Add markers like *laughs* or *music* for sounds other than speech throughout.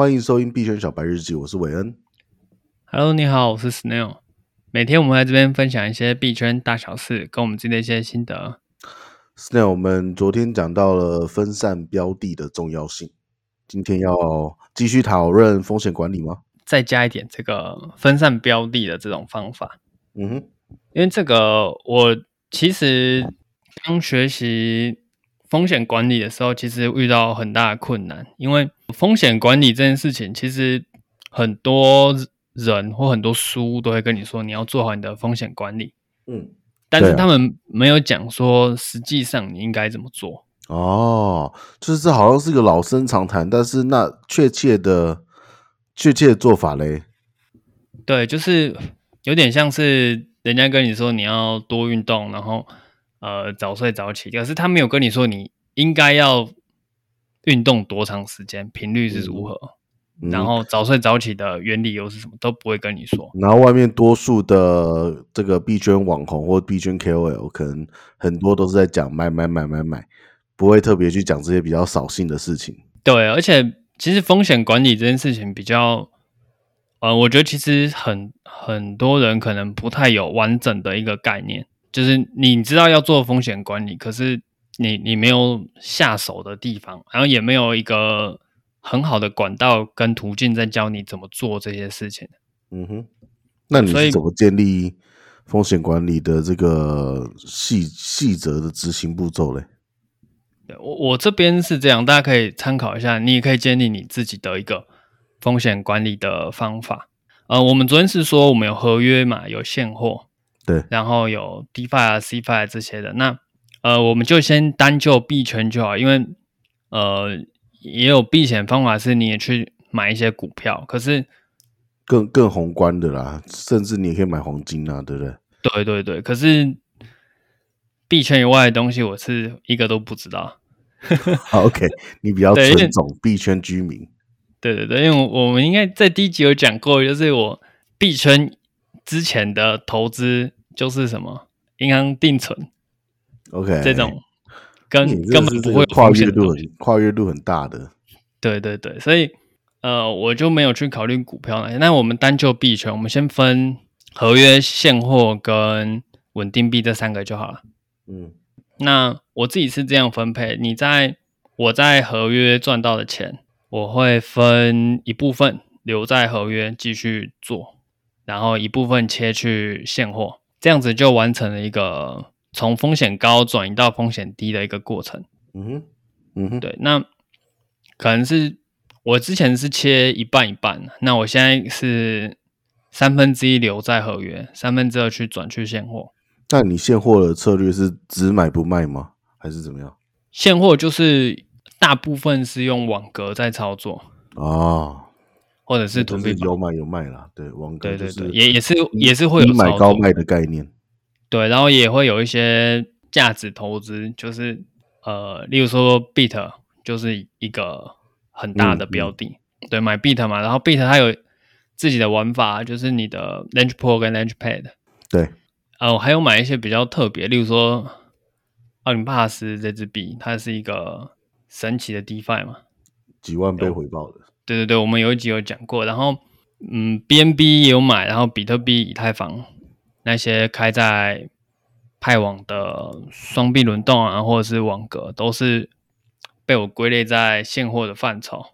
歡迎收聽幣圈小白日記，我是偉恩。Hello，你好，我是 Snail。每天我們在這邊分享一些幣圈大小事，跟我們自己的一些心得。Snail，我們昨天講到了分散標的的重要性，今天要繼續討論風險管理嗎？再加一點這個分散標的的這種方法。嗯哼，因為這個我其實剛學習。風險管理的時候，其實遇到很大的困難，因為風險管理這件事情，其實很多人或很多書都會跟你說，你要做好你的風險管理，嗯，但是他們、啊、沒有講說，實際上你應該怎麼做。哦，就是這好像是一個老生常談，但是那確切的確切的做法嘞？對，就是有點像是人家跟你說你要多運動，然後。呃，早睡早起，可是他沒有跟你說你應該要運動多長時間、頻率是如何，嗯，然後早睡早起的原理又是什麼，都不會跟你說。然後外面多數的這個幣圈網紅或幣圈 KOL，可能很多都是在講買買買買買，不會特別去講這些比較掃興的事情。對，而且其實風險管理這件事情比較，呃，我覺得其實很很多人可能不太有完整的一個概念。就是你知道要做風險管理，可是你你沒有下手的地方，然後也沒有一個很好的管道跟途徑在教你怎麼做這些事情。嗯哼，那你是怎麼建立風險管理的這個細細則的執行步驟嘞？我我這邊是這樣，大家可以參考一下，你也可以建立你自己的一個風險管理的方法。呃，我們昨天是說我們有合約嘛，有現貨。對，然後有 DeFi 啊、CeFi 啊、這些的。那呃，我們就先單就幣圈就好，因為呃，也有避險方法是，你也去買一些股票，可是更更宏觀的啦，甚至你可以買黃金啊，對不對？對對對，可是幣圈以外的東西，我是一個都不知道。 *laughs* OK，你比較純種幣圈居民。對對對，因為我我們應該在第一集有講過，就是我幣圈。之前的投資就是什麼銀行定存，OK，這種跟這根本不會跨越度，跨越度很大的，對對對，所以呃，我就沒有去考慮股票那些。那我們單就幣圈，我們先分合約現貨跟穩定幣這三個就好了。嗯，那我自己是這樣分配：你在我在合約賺到的錢，我會分一部分留在合約繼續做。然後一部分切去現貨，這樣子就完成了一個從風險高轉移到風險低的一個過程。嗯哼，嗯哼，對。那可能是我之前是切一半一半，那我現在是三分之一留在合約，三分之二去轉去現貨。但你現貨的策略是只買不賣嗎？還是怎麼樣？現貨就是大部分是用網格在操作。哦。或者是囤幣有買有賣啦，對，王哥、就是、對，對對，也也是也是會有、嗯、買高賣的概念，對，然後也會有一些價值投資，就是呃，例如說 Beat 就是一個很大的標的，嗯嗯、對，買 Beat 嘛，然後 Beat 它有自己的玩法，就是你的 launch pool 跟 launch pad，對，哦、呃，我還有買一些比較特別，例如說奧林帕斯這支幣，它是一個神奇的 DeFi 嘛，幾萬倍回報的。對對對，我們有一集有講過，然後嗯，B N B 也有買，然後比特幣、以太坊那些開在派網的雙幣輪動啊，或者是網格，都是被我歸類在現貨的範疇。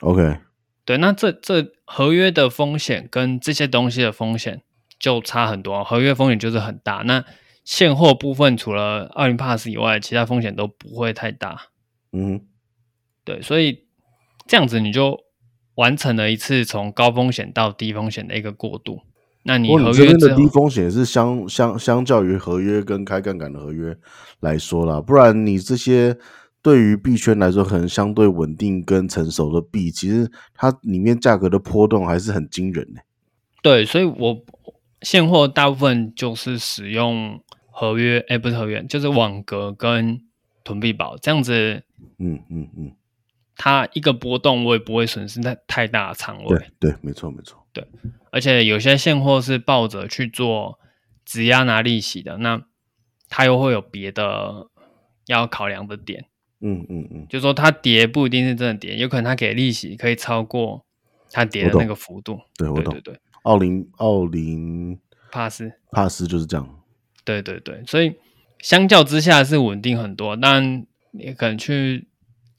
OK，對，那這這合約的風險跟這些東西的風險就差很多，合約風險就是很大。那現貨部分除了奧林帕斯以外，其他風險都不會太大。嗯哼，對，所以。這樣子你就完成了一次從高風險到低風險的一個過渡。那你合約的低風險是相相相較於合約跟開槓桿的合約來說啦，不然你這些對於幣圈來說可能相對穩定跟成熟的幣，其實它裡面價格的波動還是很驚人的。對，所以我現貨大部分就是使用合約，哎、欸，不是合約，就是網格跟囤幣寶這樣子。嗯嗯嗯。它一個波動，我也不會損失太太大的倉位對。對對沒錯沒錯。對，而且有些現貨是抱着去做，質押拿利息的，那它又會有別的要考量的點。嗯嗯嗯，嗯嗯就說它跌不一定是真的跌，有可能它給利息可以超過它跌的那個幅度。對我懂，對懂對，對，對。奧林奧林帕斯帕斯就是這樣。對對對，所以相較之下是穩定很多，但你可能去。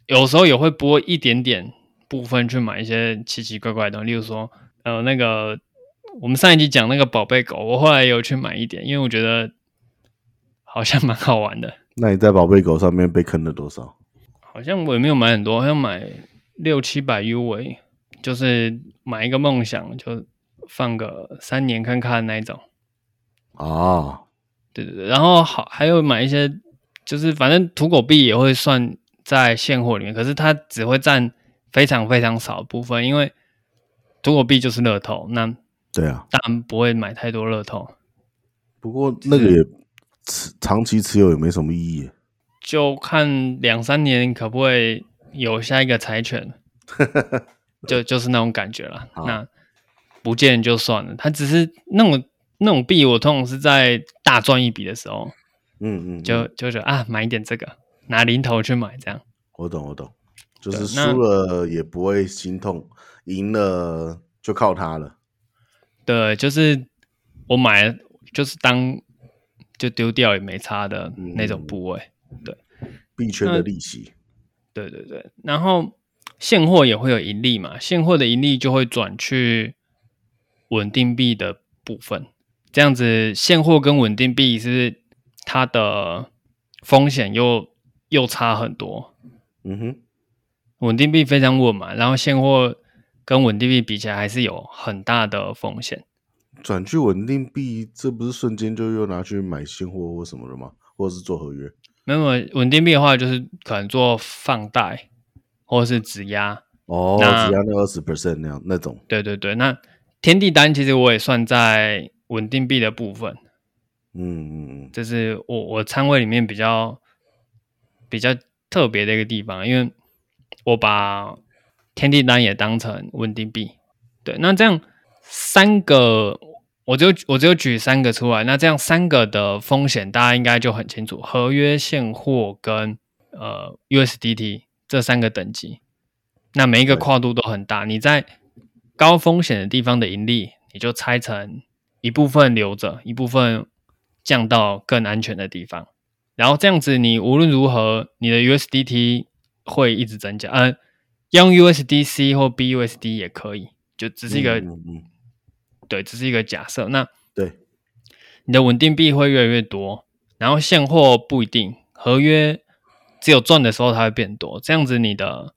有時候也會播一點點部分去買一些奇奇怪怪的，例如說，呃，那個我們上一集講那個寶貝狗，我後來有去買一點，因為我覺得好像蠻好玩的。那你在寶貝狗上面被坑了多少？好像我也沒有買很多，好像買六七百 U 幣，欸，就是買一個夢想，就放個三年看看那一種。哦，對對對，然後好還有買一些，就是反正土狗幣也會算在現貨裡面，可是它只會佔非常非常少的部分，因為，如果幣就是樂透，那對啊，當然不會買太多樂透，啊。不過那個也是持長期持有也沒什麼意義，就看兩三年可不會有下一個柴犬， *laughs* 就就是那種感覺了。好那不見就算了，他只是那種那種幣，我通常是在大賺一筆的時候，嗯，嗯嗯，就就覺得啊，買一點這個。拿零頭去買，這樣我懂我懂，就是輸了也不會心痛，贏了就靠它了。對，就是我買就是當就丟掉也沒差的那種部位。嗯、對，幣圈的利息。對對對，然後現貨也會有盈利嘛，現貨的盈利就會轉去穩定幣的部分，這樣子現貨跟穩定幣是它的風險又，又差很多，嗯哼，穩定幣非常穩嘛，然後現貨跟穩定幣比起來還是有很大的風險。轉去穩定幣，這不是瞬間就又拿去買現貨或什麼的嗎？或者是做合約？沒有，穩定幣的話就是可能做放貸或者是質押。哦，質押那二十 percent 那樣那種。對對對，那天地單其實我也算在穩定幣的部分。嗯嗯嗯，就是我我倉位裡面比較。比較特別的一個地方，因為我把天地單也當成穩定幣。對，那這樣三個，我只有我只有舉三個出來。那這樣三個的風險，大家應該就很清楚：合約現貨跟呃 USDT 這三個等級。那每一個跨度都很大，你在高風險的地方的盈利，你就拆成一部分留着，一部分降到更安全的地方。然後這樣子，你無論如何，你的 USDT 會一直增加。嗯、呃，要用 USDC 或 BUSD 也可以，就只是一個，嗯嗯嗯對，只是一個假設。那對，你的穩定幣會越來越多，然後現貨不一定，合約只有賺的時候它會變多。這樣子，你的，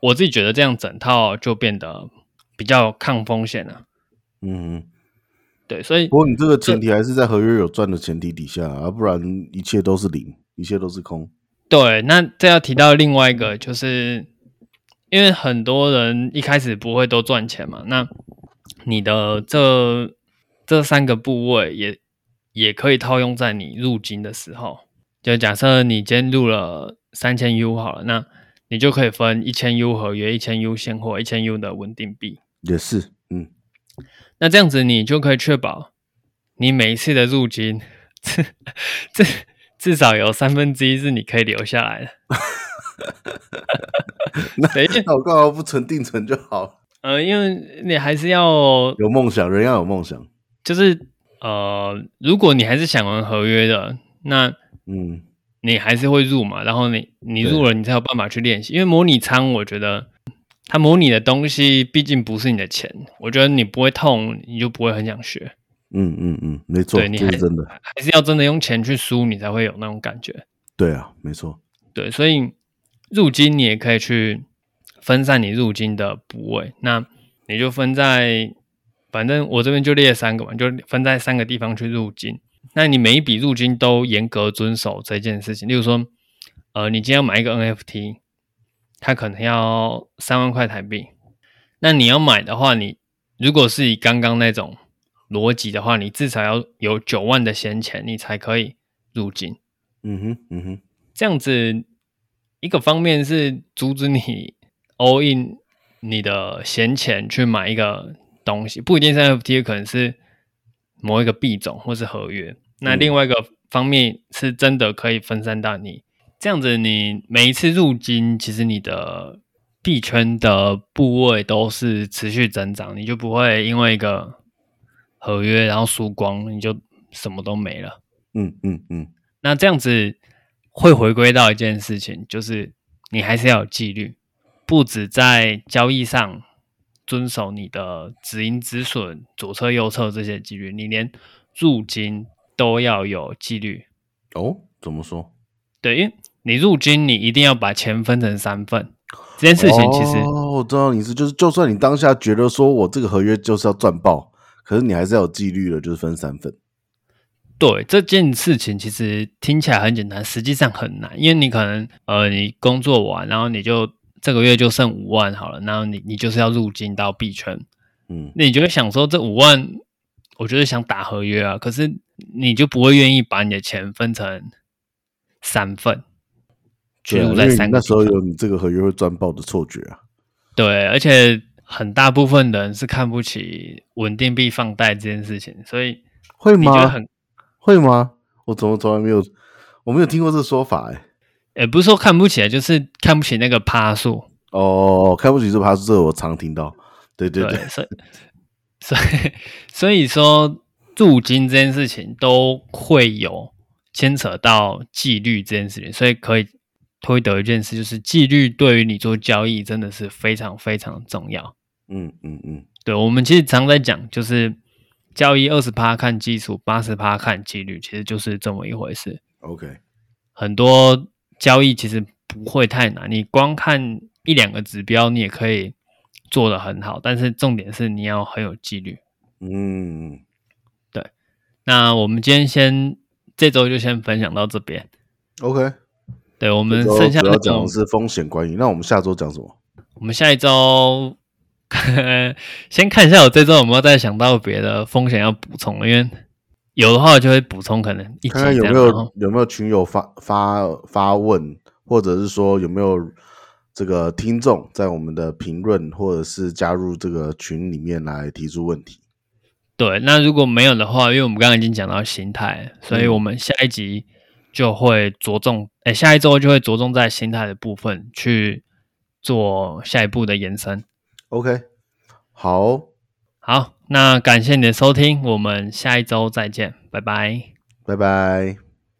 我自己覺得這樣整套就變得比較抗風險了、啊。嗯。對，所以不過你這個前提還是在合約有賺的前提底下，啊，對不然一切都是零，一切都是空。對，那這要提到另外一個，就是因為很多人一開始不會都賺錢嘛，那你的這這三個部位也也可以套用在你入金的時候，就假設你今天入了三千 U 好了，那你就可以分一千 U 合約、一千 U 現貨、一千 U 的穩定幣，也是，嗯。那這樣子，你就可以確保你每一次的入金，這至，至少有三分之一是你可以留下來的。那我剛好不存定存就好。嗯、呃，因為你還是要有夢想，人要有夢想。就是呃，如果你還是想玩合約的，那嗯，你還是會入嘛。然後你你入了，你才有辦法去練習。對因為模擬倉，我覺得。他模擬的東西畢竟不是你的錢，我覺得你不會痛，你就不會很想學。嗯嗯嗯，沒錯，對，你還是，是真的，還是要真的用錢去輸，你才會有那種感覺。對啊，沒錯。對，所以入金你也可以去分散你入金的部位，那你就分在，反正我這邊就列三個嘛，就分在三個地方去入金。那你每一筆入金都嚴格遵守這件事情，例如說，呃，你今天要買一個 NFT。它可能要三萬塊台幣，那你要買的話，你如果是以剛剛那種邏輯的話，你至少要有九萬的閒錢，你才可以入金。嗯哼，嗯哼，這樣子一個方面是阻止你 all in 你的閒錢去買一個東西，不一定是 NFT，可能是某一個幣種或是合約。嗯、那另外一個方面是真的可以分散到你。這樣子，你每一次入金，其實你的幣圈的部位都是持續增長，你就不會因為一個合約然後輸光，你就什麼都沒了。嗯嗯嗯。嗯嗯，那這樣子會回歸到一件事情，就是你還是要有紀律，不止，在交易上遵守你的止盈止損、左側右側這些紀律，你連入金都要有紀律。哦，怎麼說？對，因你入金，你一定要把錢分成三份。這件事情其實哦，我知道你是就是，就算你當下覺得說我這個合約就是要賺爆，可是你還是要有紀律的，就是分三份。對，這件事情其實聽起來很簡單，實際上很難，因為你可能呃，你工作完，然後你就這個月就剩五萬好了，然後你你就是要入金到幣圈，嗯，那你就會想說這五萬，我覺得想打合約啊，可是你就不會願意把你的錢分成三份。全在三個啊，因為那時候有你這個合約會鑽爆的錯覺啊，對，而且很大部分人是看不起穩定幣放貸這件事情，所以會嗎？你覺得很會嗎？會嗎？我怎麼從來沒有，我沒有聽過這個說法。欸，哎，欸，也不是說看不起，就是看不起那個趴數哦，oh, 看不起這趴數，這個我常聽到，對對對，對所以，所以，所以說入金這件事情都會有牽扯到紀律這件事情，所以可以。推得一件事就是紀律對於你做交易真的是非常非常重要。嗯嗯嗯，嗯嗯對，我們其實常在講，就是交易二十趴看技術，八十趴看紀律，其實就是這麼一回事。OK，很多交易其實不會太難，你光看一兩個指標，你也可以做得很好。但是重點是你要很有紀律。嗯，對。那我們今天先這周就先分享到這邊。OK。對我們剩下種這講的講是風險管理，那我們下周講什麼？我們下一周呵呵，先看一下，我這周有沒有再想到別的風險要補充？因為有的話就會補充。可能一看看，有沒有有沒有群友發發發問，或者是說有沒有這個聽眾在我們的評論或者是加入這個群裡面來提出問題。對，那如果沒有的話，因為我們剛剛已經講到心態，所以我們下一集。就會着重，哎、欸，下一周就會着重在心態的部分去做下一步的延伸。OK，好，好，那感謝你的收聽，我們下一周再見，拜拜，拜拜。